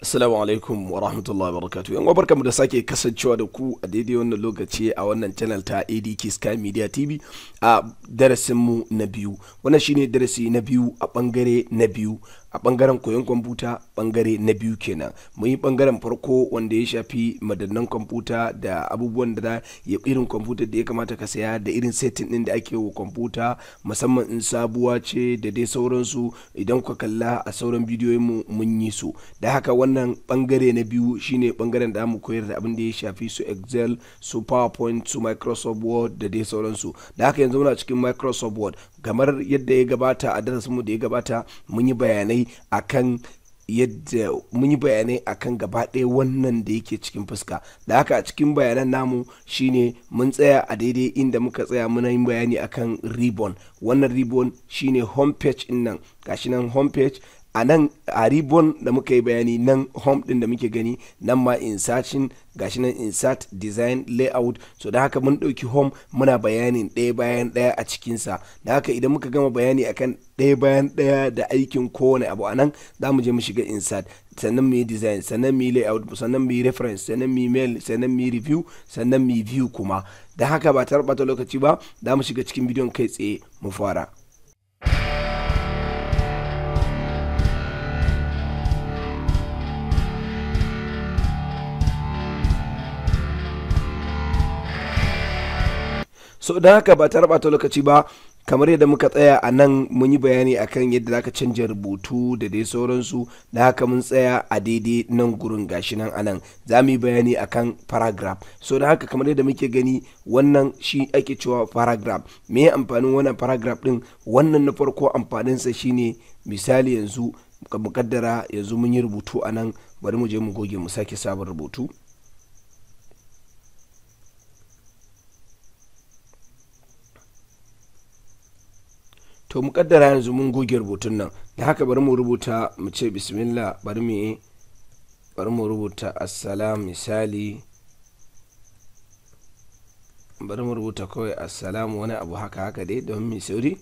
Assalamu alaikum wa rahmatullahi wa barakatuh. Yan barka mu da sake kasancewa da ku a daidai wannan lokaci a wannan channel ta ADK Sky Media TV a darasin mu na biyu. Wannan shine darasi na biyu a bangare na biyu a bangaren koyon kwamfuta bangare na biyu kenan mun yi bangaren farko wanda ya shafi madannan kwamfuta da abubuwan da ya irin kwamfuta da ya kamata ka saya da irin setting din da ake wa kwamfuta musamman in sabuwa ce da dai sauransu idan ku kalla a sauran bidiyoyin mu mun yi su da haka wannan bangare na biyu shine bangaren da mu koyar da abin da ya shafi su excel su powerpoint su microsoft word da dai sauransu da haka yanzu muna cikin microsoft word kamar yadda ya gabata a darasinmu da ya gabata mun yi bayanai akan yadda mun yi bayanai akan gaba ɗaya wannan da yake cikin fuska da haka a cikin bayanan namu shine mun tsaya a daidai inda muka tsaya muna yin bayani akan ribbon wannan ribbon shine homepage in nan gashi nan homepage a nan a ribbon da muka yi bayani nan home din da muke gani nan ma insertion gashi nan insert design layout so da haka mun ɗauki home muna bayanin ɗaya bayan ɗaya a cikinsa da haka idan muka gama bayani akan ɗaya bayan ɗaya da aikin kowane abu a nan za mu je mu shiga insert sannan mu yi design sannan mu yi layout sannan mu yi reference sannan mu yi mail sannan mu yi review sannan mu yi view kuma da haka ba ta lokaci ba za mu shiga cikin bidiyon kai tsaye mu fara so da haka ba ta rabata lokaci ba kamar yadda muka tsaya a nan mun yi bayani akan yadda zaka canja rubutu da dai sauransu da haka mun tsaya a daidai nan gurin gashi nan a nan za mu yi bayani akan paragraph so da haka kamar yadda muke gani wannan shi ake cewa paragraph me amfanin wannan paragraph din wannan na farko amfaninsa shine misali yanzu mukaddara yanzu mun yi rubutu a nan bari mu je mu goge mu sake sabon rubutu to mu kaddara yanzu mun goge rubutun nan da haka bari mu rubuta mu ce bismillah bari mu bari mu rubuta assalam misali bari mu rubuta kawai assalamu wani abu haka haka dai don mi sauri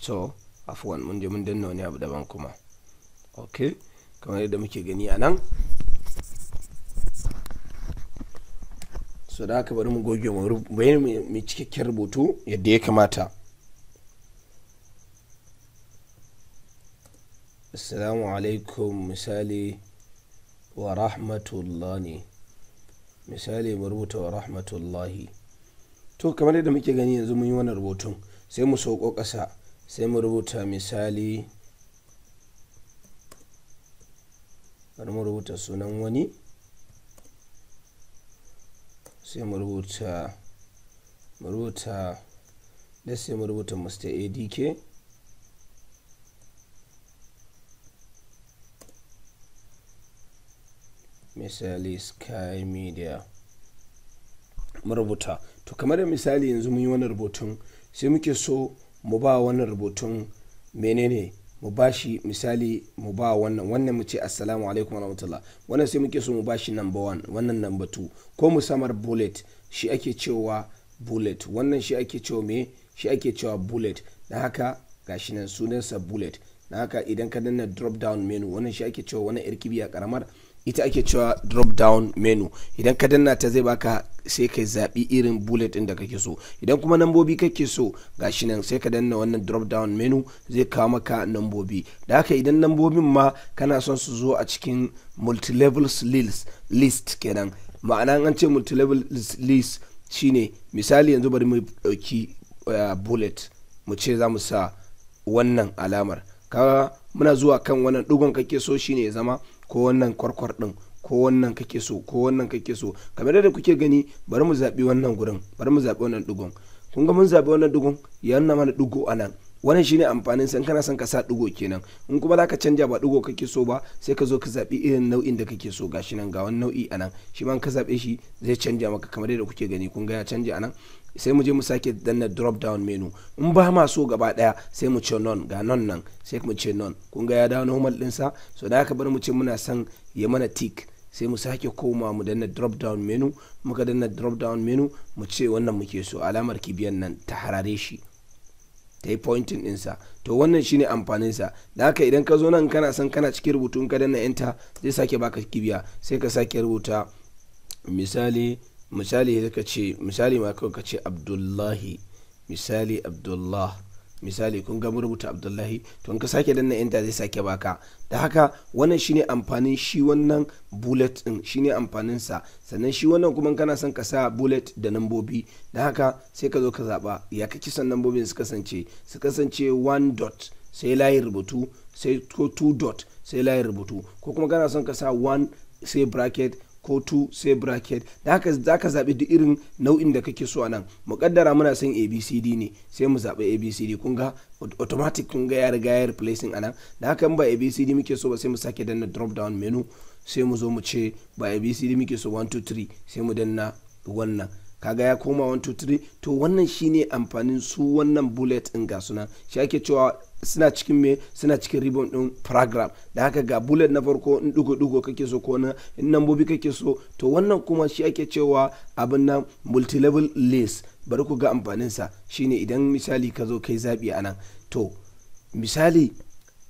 so afwan mun je mun danna wani abu daban kuma ok kamar yadda muke gani a nan so da haka bari mu goge mu cikakken rubutu yadda ya kamata assalamu alaikum misali wa rahmatullah misali mu rubuta wa rahmatullahi to kamar yadda muke gani yanzu mun yi wani rubutun sai mu sauko ƙasa sai mu rubuta misali bari mu rubuta sunan wani sai mu rubuta mu rubuta da sai mu rubuta mr adk misali sky media marubuta to kamar misali yanzu mun yi wani rubutun sai muke so mu ba wani rubutun menene mu ba shi misali mu ba wannan wannan mu ce assalamu alaikum rahmatullah wannan sai muke so mu ba shi number one wannan number two ko mu samar bullet shi ake cewa bullet wannan shi ake cewa me shi ake cewa bullet na haka gashi nan sunansa bullet na haka idan ka danna drop down menu wannan shi ake cewa wannan yar karamar ita ake cewa drop down menu idan ka danna ta zai baka sai ka zaɓi irin bullet ɗin da kake so idan kuma nambobi kake so gashi nan sai ka danna wannan drop down menu zai kawo maka nambobi da haka idan nambobin ma kana son su zo a cikin multilevel list list kenan ma'ana an ce multilevel list shine misali yanzu bari mu ɗauki eh, bullet mu ce za mu sa wannan alamar kaga muna zuwa kan wannan ɗugon kake so shine ya zama ko wannan kwarkwar din ko wannan kake so ko wannan kake so kamar yadda kuke gani bari mu zaɓi wannan gurin bari mu zaɓi wannan dugun kun ga mun zaɓi wannan dugun ya nuna mana dugo a nan wannan shine amfanin san kana son ka sa dugo kenan in kuma zaka canja ba dugo kake so ba sai ka zo ka zabi irin nau'in da kake so gashi nan ga wani nau'i anan shi ma ka zabe shi zai canja maka kamar yadda kuke gani kun ga ya canja anan sai mu je mu sake danna drop down menu in ba ma so gaba daya sai mu ce non ga non nan sai mu ce non kun ga ya dawo normal ɗinsa. so da aka bar mu ce muna son ya mana tick sai mu sake koma mu danna drop down menu muka danna drop down menu mu ce wannan muke so alamar kibiyan nan ta harare shi ta yi pointing ɗinsa to wannan shine amfanin sa. da haka idan ka zo nan kana son kana cikin rubutu in ka danna enter zai sake baka kibiya sai ka sake rubuta misali misali ka ce misali ma kawai ka ce abdullahi misali abdullah misali kun ga rubuta abdullahi to in ka sake danna enter zai sake baka da haka wannan shine amfanin shi wannan bullet din shine amfanin sa sannan shi wannan kuma kana son ka sa bullet da nambobi da haka sai ka zo ka zaba ya kake son nambobin su kasance su kasance one dot sai layin rubutu sai ko two dot sai layin rubutu ko kuma kana son ka sa one sai bracket ko 2 sai bracket da haka za ka zaɓi duk irin nau'in da kake so a nan muƙaddara muna son abcd ne sai mu zaɓi abcd kun ga automatic kun ga ya riga ya replacing a nan da haka ba abcd muke so ba sai mu sake danna drop down menu sai mu zo mu ce ba abcd muke so 1 2 3 sai mu danna wannan kaga ya koma 123 to wannan shine amfanin su wannan bullet in ga suna shi ake cewa suna cikin me suna cikin ribbon din program da haka ga bullet na farko in dugo dugo kake so ko na in nambobi kake so to wannan kuma shi ake cewa abin nan multi level list bari ku ga amfanin sa shine idan misali ka zo kai zabi anan to misali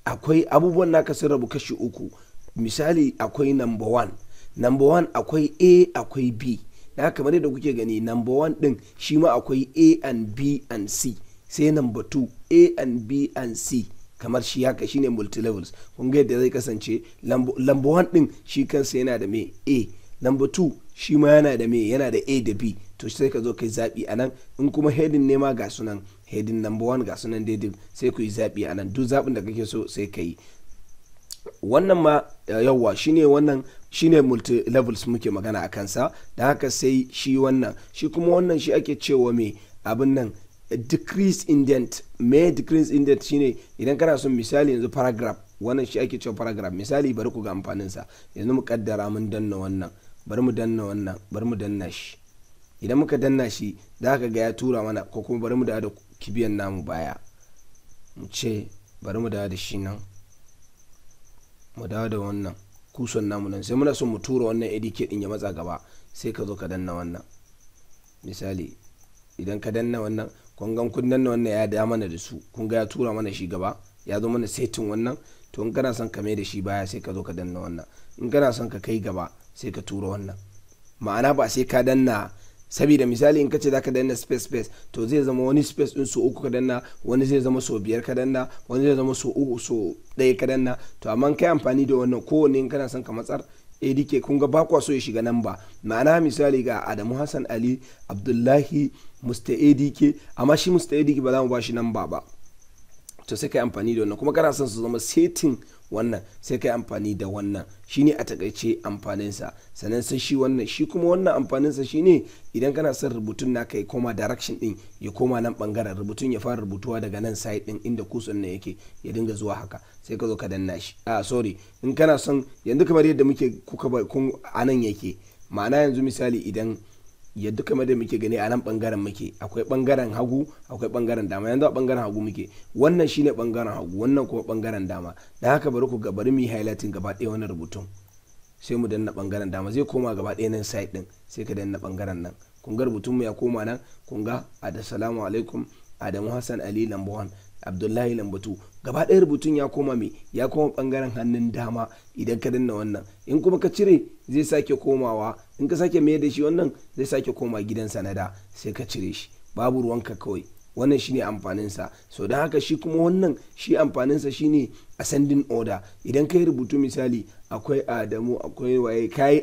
akwai abubuwan naka sun rabu kashi uku misali akwai number one number one akwai a akwai b da haka kamar yadda kuke gani number one din shi ma akwai a and b and c sai number two a and b and c kamar shi haka shi multi levels kun ga yadda zai kasance number one din shi kansa yana da me a number two shi ma yana da me yana da a da b to sai ka zo kai zaɓi a nan in kuma hedin ne ma ga sunan hedin number one ga sunan daidai sai ku yi zaɓi a nan duk zaɓin da kake so sai ka yi wannan ma eh, yawwa shine wannan shine multi levels muke magana a kansa da haka sai shi wannan shi kuma wannan shi ake cewa mai abin nan decrease indent may decrease indent shine idan kana son misali yanzu paragraph wannan shi ake cewa paragraph misali bari ku ga amfanin sa yanzu mu kaddara mun danna wannan bari mu danna wannan bari mu danna shi idan muka danna shi za ka ga ya tura mana ko kuma bari mu da da kibiyan namu baya mu ce bari mu da da shi nan mu dawo da wannan kusan namu nan sai muna so mu tura wannan adk din ya matsa gaba sai ka zo ka danna wannan misali idan ka danna wannan kun kun danna wannan ya da mana da su kun ga ya tura mana shi gaba ya zo mana setin wannan to in kana son ka mai da shi baya sai ka zo ka danna wannan in kana son ka kai gaba sai ka tura wannan ma'ana ba sai ka danna sabida misali in ka kace zaka danna space space to zai zama wani space din so uku ka danna wani zai zama so biyar ka danna wani zai zama so uku so ɗaya ka danna to amma kai amfani da wannan kowanne kana son ka matsar adk kun ga ba kwa so ya shiga nan ba ma'ana misali ga adamu hassan ali abdullahi musta adk amma shi musta adk ba za mu ba shi nan ba ba to sai kai amfani da wannan kuma kana son su zama setin wannan sai kai amfani da wannan shine a takaice amfaninsa sannan sai shi wannan shi kuma wannan amfaninsa shine idan kana son rubutun naka ya koma direction din ya koma nan bangaren rubutun ya fara rubutuwa daga nan side din inda kusan nan yake ya dinga zuwa haka sai ka zo ka danna shi a sorry in kana son yanzu kamar yadda muke kuka kun anan yake ma'ana yanzu misali idan yadda kamar da muke gani a nan bangaren muke akwai bangaren hagu akwai bangaren dama yanzu a bangaren hagu muke wannan shine bangaren hagu wannan kuma bangaren dama da haka bari ku ga bari mu highlighting gaba ɗaya wannan rubutun sai mu danna bangaren dama zai koma gaba ɗaya nan side din sai ka danna bangaren nan kun ga rubutun mu ya koma nan kun ga assalamu alaikum adamu hassan ali lambuwan abdullahi lambatu gaba ɗaya rubutun ya koma mai ya koma ɓangaren hannun dama idan ka danna wannan in kuma ka cire zai sake komawa in ka sake mai da shi wannan zai sake koma gidansa na da sai ka cire shi babu ruwanka kawai wannan shine amfaninsa so don haka shi kuma wannan shi amfaninsa shine ascending order idan ka yi rubutu misali akwai adamu akwai waye ka yi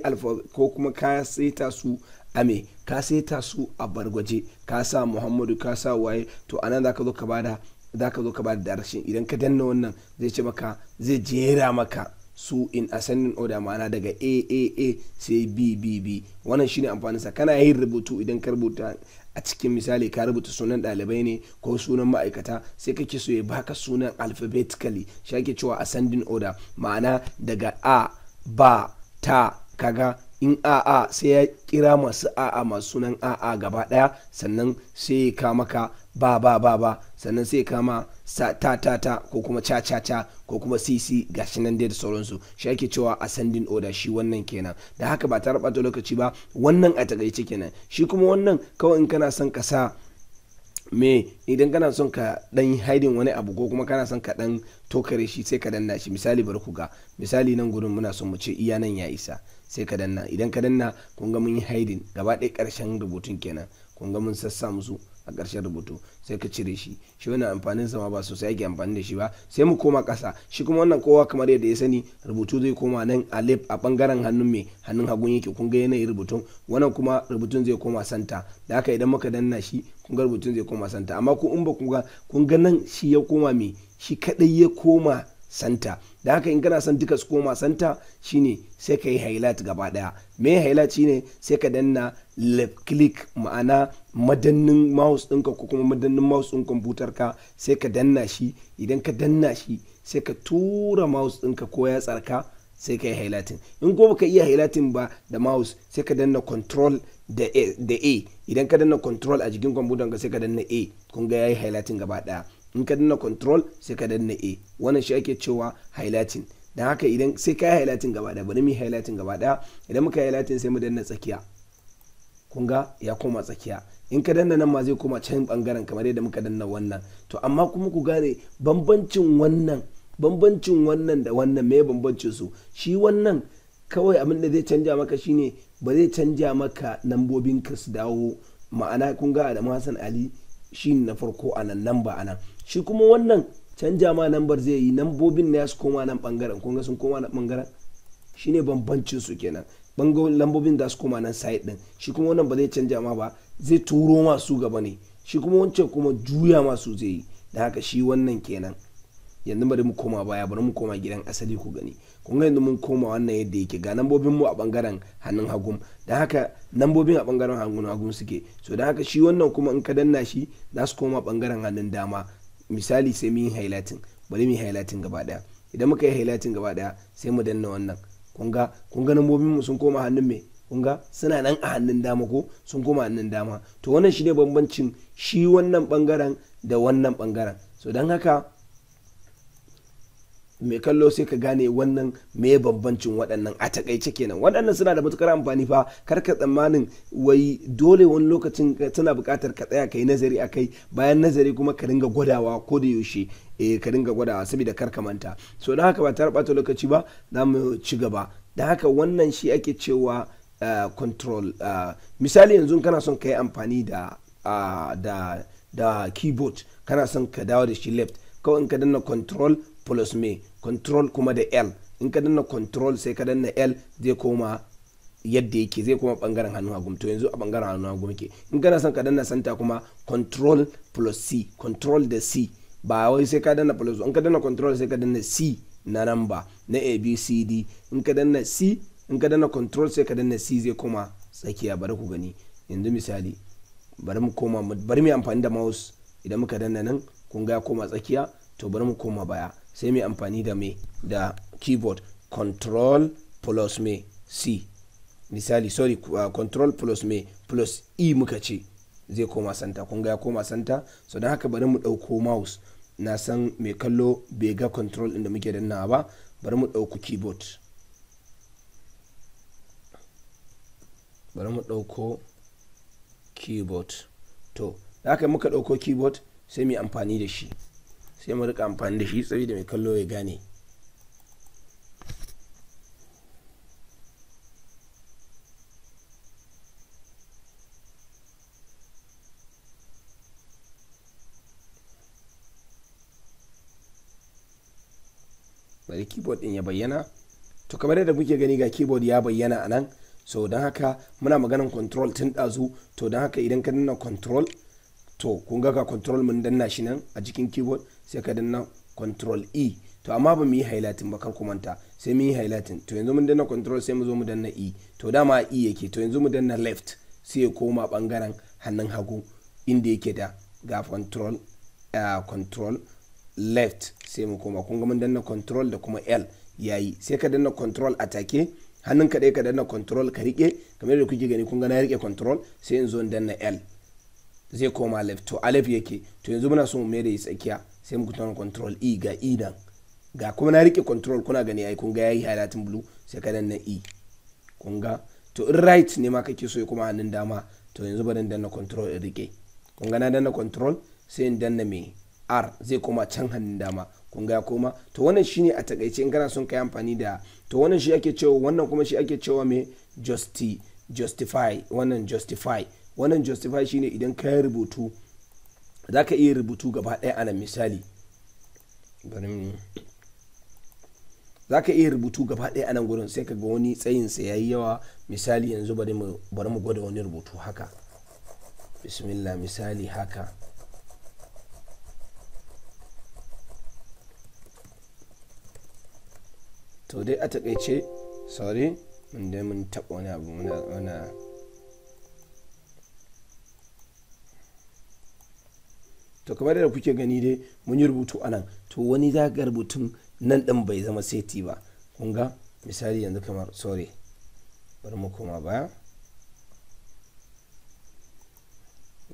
ko kuma ka saita su a me ka saita su a bargwaje ka sa muhammadu ka sa waye to anan za ka zo ka bada za ka zo ka ba da idan ka danna wannan zai ce maka zai jera maka su in ascending order ma'ana daga a sai b b b wannan shine amfanin sa kana yin rubutu idan ka rubuta a cikin misali ka rubuta sunan ɗalibai ne ko sunan ma'aikata sai kake so ya baka sunan alphabetically shi ake cewa ascending order ma'ana daga a ba ta kaga in a'a sai ya kira masu a'a masu sunan a'a gaba daya sannan sai ya ka maka ba ba ba ba sannan sai kama sa ta ta ta ko kuma cha cha cha ko kuma cc gashi nan dai da sauransu shi ake cewa sandin oda shi wannan kenan da haka ba tare bata lokaci ba wannan a takaice kenan shi kuma wannan kawai in kana son ka me idan kana son ka dan haidin wani abu ko kuma kana son ka dan tokare shi sai ka danna shi misali bari ku ga misali nan gurin muna son mu ce iya nan ya isa sai ka danna idan ka danna kun ga mun yi haidin gaba ɗaya ƙarshen rubutun kenan kun ga mun sassa musu a ƙarshen rubutu sai ka cire shi shi wani amfanin sama ba sosai ake amfani da shi ba sai mu koma ƙasa shi kuma wannan kowa kamar yadda ya sani rubutu zai koma nan a alif a ɓangaren hannun mai hannun hagun yake kun ga yanayin rubutun wannan kuma rubutun zai koma santa da haka idan muka danna shi kun ga rubutun zai koma santa amma ku in ba kun ga kun ga nan shi ya koma mai shi kaɗai ya koma santa da haka in kana son duka su koma santa shine sai ka yi highlight gaba daya me highlight shine sai ka danna left click ma'ana madannin mouse ɗinka ko kuma madannin mouse ɗin kwamfutar ka sai ka danna shi idan ka danna shi sai ka tura mouse ɗinka ko ya tsarka sai ka yi highlighting in ko baka iya highlighting ba da mouse sai ka danna control da a idan ka danna control a jikin kwamfutar ka sai ka danna a kun ga yayi highlighting gaba daya in ka danna control sai ka danna a wannan shi ake cewa highlighting don haka idan sai ka yi highlighting gaba daya bari mu yi highlighting gaba daya idan muka yi highlighting sai mu danna tsakiya kun ga ya koma tsakiya in ka danna nan ma zai koma can bangaren kamar yadda muka danna wannan to amma kuma ku gane bambancin wannan bambancin wannan da wannan me bambancin su shi wannan kawai abin da zai canja maka shine ba zai canja maka lambobin ka su dawo ma'ana kun ga Adamu Hassan Ali shi na farko a nan ba a nan shi kuma wannan canja ma lambar zai yi lambobin na ya su koma nan bangaren kun sun koma nan bangaren shine bambancin su kenan bangon lambobin da su koma nan side din shi kuma wannan ba zai canja ma ba zai turo ma su gaba ne shi kuma wancan kuma juya ma su zai yi da haka shi wannan kenan yanzu bari mu koma baya bari mu koma gidan asali ku gani kun yanzu mun koma wannan yadda yake ga nambobin mu a bangaren hannun hagun don haka nambobin a bangaren hannun hagun suke so don haka shi wannan kuma in ka danna shi za su koma bangaren hannun dama misali sai mu yi highlighting bari mu yi highlighting gaba daya idan muka yi highlighting gaba daya sai mu danna wannan kun ga kun nambobin mu sun koma hannun me kun suna nan a hannun dama ko sun koma hannun dama to wannan shi ne bambancin shi wannan bangaren da wannan bangaren so don haka mai kallo sai ka gane wannan me bambancin waɗannan a takaice kenan waɗannan suna da matukar amfani fa kar ka tsammanin wai dole wani lokacin tana buƙatar ka tsaya ka yi nazari a kai bayan nazari kuma ka ringa gwadawa ko da yaushe e ka ringa gwadawa saboda kar ka manta so don haka ba ta rabata lokaci ba za mu ci gaba don haka wannan shi ake cewa ah, control ah, misali yanzu kana son ka yi amfani da ah, da da keyboard kana son ka dawo da shi left kawai in ka danna control plus me control kuma da l in ka danna control sai ka danna l zai koma yadda yake zai koma bangaren hannun hagu to yanzu a bangaren hannun hagu yake in kana son ka danna santa kuma control plus c control da c ba wai sai ka danna plus in ka danna control sai ka danna c na number na abcd in ka danna c in ka danna control sai ka danna c zai koma tsakiya bari ku gani yanzu misali bari mu koma bari mu amfani da mouse idan muka danna nan kun ga koma tsakiya to bari mu koma baya sai mai amfani da me da keyboard control plus me c misali sorry uh, control plus me plus e muka ce zai koma santa kun ga ya koma santa so don haka bari mu ɗauko mouse na san mai kallo bai ga control inda da muke danna ba bari mu ɗauko keyboard bari mu ɗauko keyboard to da haka muka ɗauko keyboard sai mai amfani da shi sai mu rika amfani da shi tsabi da mai kallo ya gane bari keyboard din ya bayyana to kamar yadda muke gani ga keyboard ya bayyana a nan so don haka muna maganan control tun ɗazu to don haka idan ka nuna control to kun ga control mun danna shi nan a cikin keyboard sai ka danna control e to amma ba mu yi highlighting ba kar ku manta sai mu yi highlighting to yanzu mun danna control sai mu zo mu danna e to dama e yake to yanzu mu danna left sai ya koma bangaren hannun hagu inda yake da ga control uh, control left sai mu koma kun ga mun danna control da kuma l yayi sai ka danna control a take hannun ka ka danna control ka rike kamar da kuke gani kun ga na rike control sai in zo danna l zai koma left to alef yake to yanzu muna so mu mai da yi tsakiya sai mu kutan control e ga e nan ga kuma na rike control kuna gani ai kun ga yayi highlighting blue sai ka danna e kun ga to in right ne ma kake so ya kuma hannun dama to yanzu bari in danna control in rike kun ga na danna control sai in danna me r zai koma can hannun dama kun ga koma to wannan shine a takaice in kana son kai amfani da to wannan shi ake cewa wannan kuma shi ake cewa me justify wannan justify wannan justify ne idan ka yi rubutu za ka iya rubutu gaba ɗaya a nan misali za ka iya rubutu gaba ɗaya a nan sai ka ga wani tsayinsa ya yi yawa misali yanzu bari mu gwada wani rubutu haka bismillah misali haka to dai a takaice sorry mun dai mun taɓa wani abu muna to kamar da kuke gani dai mun yi rubutu anan to wani za ga rubutun nan din bai zama seti ba kun ga misali yanzu kamar sorry bari mu koma baya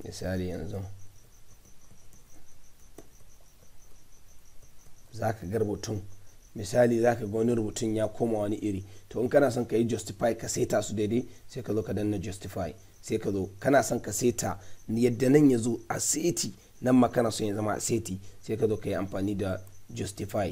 misali yanzu za ka ga rubutun misali za ka ga wani rubutun ya koma wani iri to in kana son ka yi justify ka seta su daidai sai ka zo ka danna justify sai ka zo kana son ka seta yadda nan ya zo a seti nan ma kana son ya zama seti sai ka zo ka yi amfani da justify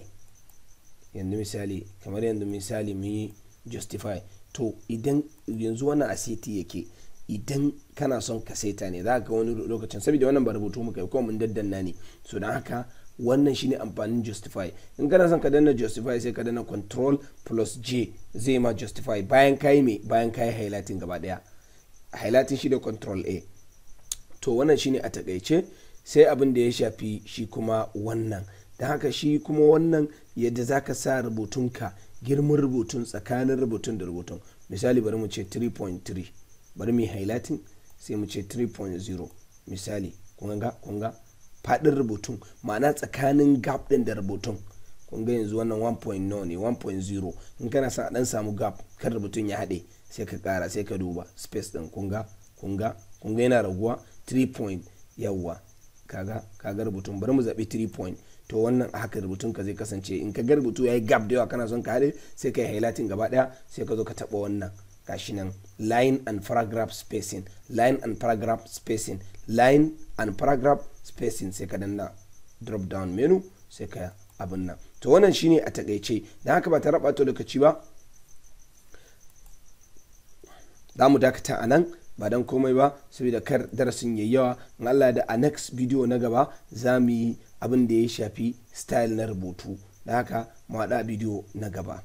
yanzu misali kamar yanzu misali mun yi justify to idan yanzu wannan a seti yake idan kana son ka seta ne za ka wani lokacin saboda wannan ba rubutu muka yi kuma mun daddanna ne so don haka wannan shine amfanin justify in kana son ka danna justify sai ka danna control plus j zai ma justify bayan kayi me bayan kayi highlighting gaba daya highlighting shi da control a to wannan shine a takaice sai abin da ya shafi shi kuma wannan da haka shi kuma wannan yadda za ka sa ka girman rubutun tsakanin rubutun da rubutun misali bari mu ce 3.3 bari mu highlighting sai mu ce 3.0 misali kunga kunga faɗin rubutun ma'ana tsakanin gap ɗin da rubutun kunga yanzu wannan 1.0 ne 1.0 in kana sa ɗan samu gap kan rubutun ya haɗe sai ka ƙara sai ka duba space ɗin kunga kunga kunga yana raguwa 3 yawwa 3.0 kaga kaga rubutun bari mu zaɓi 3 point to wannan a haka rubutun ka zai kasance in ka ga rubutu yayi gap da yawa kana son ka haɗe sai ka yi highlighting gaba ɗaya sai ka zo ka taɓa wannan gashi nan line and paragraph spacing line and paragraph spacing line and paragraph spacing sai ka danna drop down menu sai ka abin nan to wannan shine a takaice dan haka ba ta raba ta lokaci ba za mu dakata a nan ba dan komai ba saboda kar darasin yayi yawa in Allah da a next video na gaba za mu yi abin da ya shafi style na rubutu da haka mu haɗa bidiyo na gaba